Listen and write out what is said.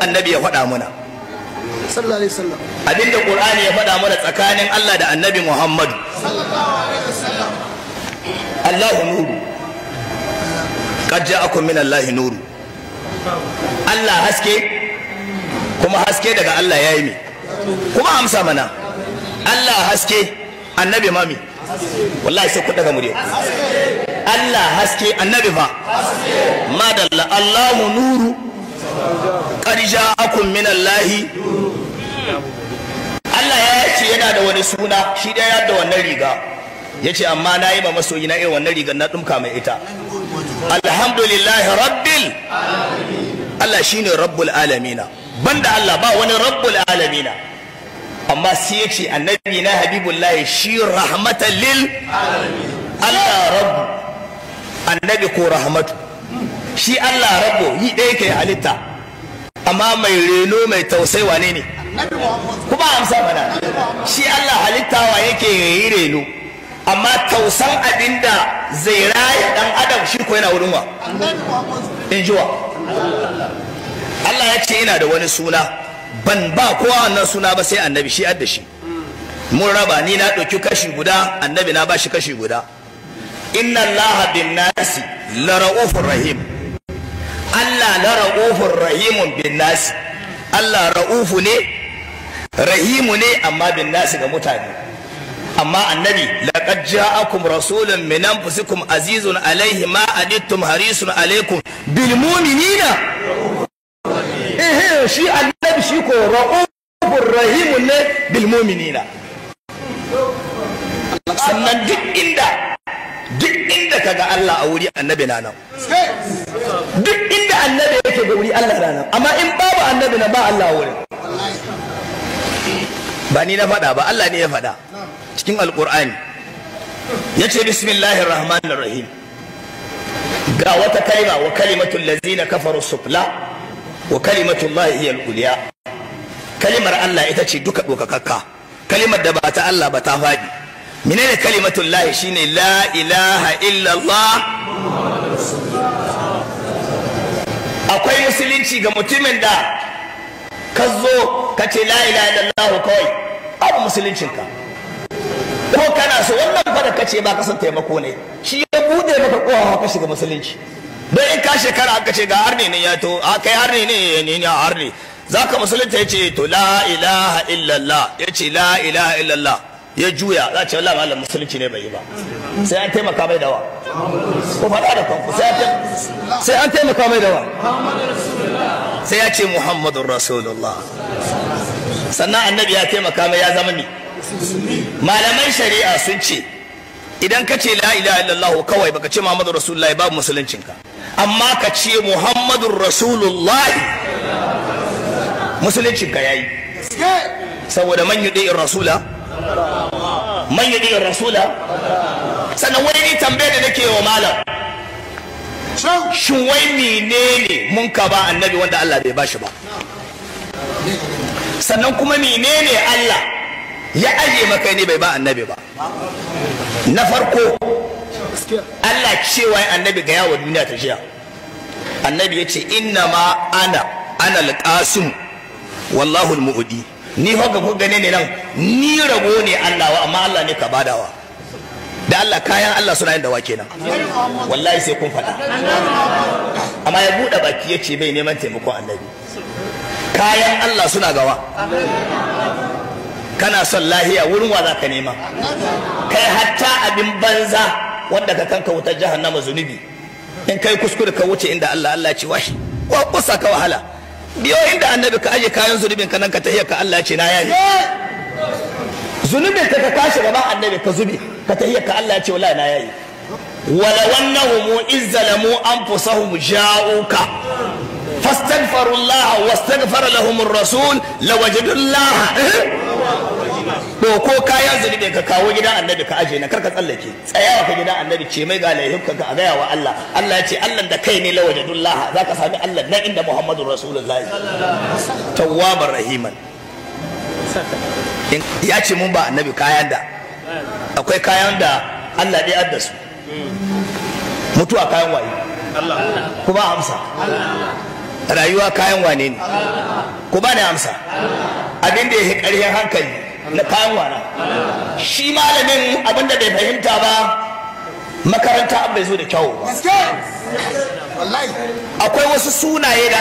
annabi ya faɗa muna sallallahu alaihi abinda qur'ani ya faɗa mana tsakanin Allah da annabi Muhammadu Allahu nuru qad ja'akum min Allah nuru Allah haske kuma haske daga Allah ya yi ne kuma amsa mana Allah haske annabi mami wallahi sai ku daga murya Allah haske annabi fa madalla Allahu nuru lakum minallahi Allah ya ce yana da wani suna shi da da wannan riga Yace amma na yi ma masoyi na irin wannan rigar na ɗumka mai ita alhamdulillah rabbil Allah shine rabbul alamina banda Allah ba wani rabbul alamina amma sai yace annabi na habibullah shi rahmatan lil Allah rabbu annabi ko rahmatu shi Allah rabbo yi ɗaya ke halitta amma mai reno mai tausai wane ne kuma amsa mana shi Allah halittawa yake yi reno amma tausan abinda zai raya dan adam shi ko yana wurin wa in ji Allah ya ce ina da wani suna ban ba kowa wannan suna ba sai annabi shi adda shi mun raba ni na ɗauki kashi guda annabi na bashi kashi guda inna allaha bin nasi la ra'ufur rahim Allah na ra'ufun rahimun bin nasi Allah ra'ufu ne rahimu ne amma bin nasi ga mutane amma annabi laqad ja'akum rasulun min anfusikum azizun alayhi ma adittum harisun alaykum bil mu'minina eh shi annabi shi ko ra'ufun rahimun ne bil mu'minina sannan duk inda duk inda kaga Allah a wuri annabi na nan duk yake da wuri Allah rana amma in babu annabi na ba Allah wuri ba ni na faɗa ba Allah ne ya faɗa cikin alƙur'ani ya ce bismillahir rahmanir rahim ga wata kalima wa kalimatul lazina kafaru sufla wa kalimatul lahi hiya al-ulya kalimar Allah ita ce duka dokakakka kalimar da ba ta Allah ba ta faɗi menene kalimatul lahi shine la ilaha illallah musulunci ga mutumin da ka zo ka ce la ilaha illallah kawai abu musuluncinka ko kana so wannan fara ka ce ba ka san taimako ne shi ya bude maka kowa ka shiga musulunci don in ka shekara aka ce ga arne ne ya to a kai arne ne ne ne arne za ka musulunta ya ce to la ilaha illallah ya ce la ilaha illallah ya juya za ce wallah malam musulunci ne bai yi ba sai an taimaka mai dawa ku faɗa da kanku sai an taimaka mai dawa sai ya ce muhammadun rasulullah sannan annabi ya taimaka mai ya zama ni. malaman shari'a sun ce idan ka ce la ilaha illallah kawai baka ce muhammadun rasulullah babu musuluncinka amma ka ce muhammadun rasulullah musuluncinka yayi saboda man yudi rasula man yudi rasula sannan wani ni tambaya da nake wa malam shin wai mine mun ka ba annabi wanda Allah bai bashi ba sannan kuma mine Allah ya aje maka ne bai ba annabi ba na farko Allah cewa annabi ga yawo duniya ta jiya annabi ya inna ma ana ana alqasim wallahu ni fa ga ku nan ni rago ne Allah wa amma Allah ne ka badawa da Allah kayan Allah suna yin dawa kenan wallahi sai kun faɗa amma ya buɗe baki ya ce bai neman taimakon annabi kayan Allah suna gawa kana son lahiya wurin wa za ka nema kai hatta abin banza wanda ka kanka wutar jahannama zunubi in kai kuskure ka wuce inda Allah Allah ce wahi wa kusa ka wahala biyo inda annabi ka aje kayan zunubin ka nan ka tahiya ka Allah ce na yayi zunubin ka ka kashi gaba annabi ka zube ka tahiyya ka Allah ya ce wallahi na yayi mu, أنهم إذ ظلموا أنفسهم جاءوك فاستغفروا الله واستغفر لهم الرسول لوجدوا الله ko kayan zunubi ka kawo gidan annabi ka aje na karka tsallake tsayawa ka gidan annabi ce mai ga laihibka ka gaya wa Allah Allah ya ce Allah da kai ne lawajadullah zaka sami Allah na inda Muhammadu Rasulullahi tawwabar rahiman ya ce mun ba annabi kayan da akwai kayan da Allah ɗaya adda su mutuwa kayan waye ku ba amsa rayuwa kayan wane ne ku ba ni amsa abin da ya ƙarfin hankali na kayan wana shi malamin abin da bai fahimta ba makaranta bai zo da kyau ba. akwai wasu sunaye da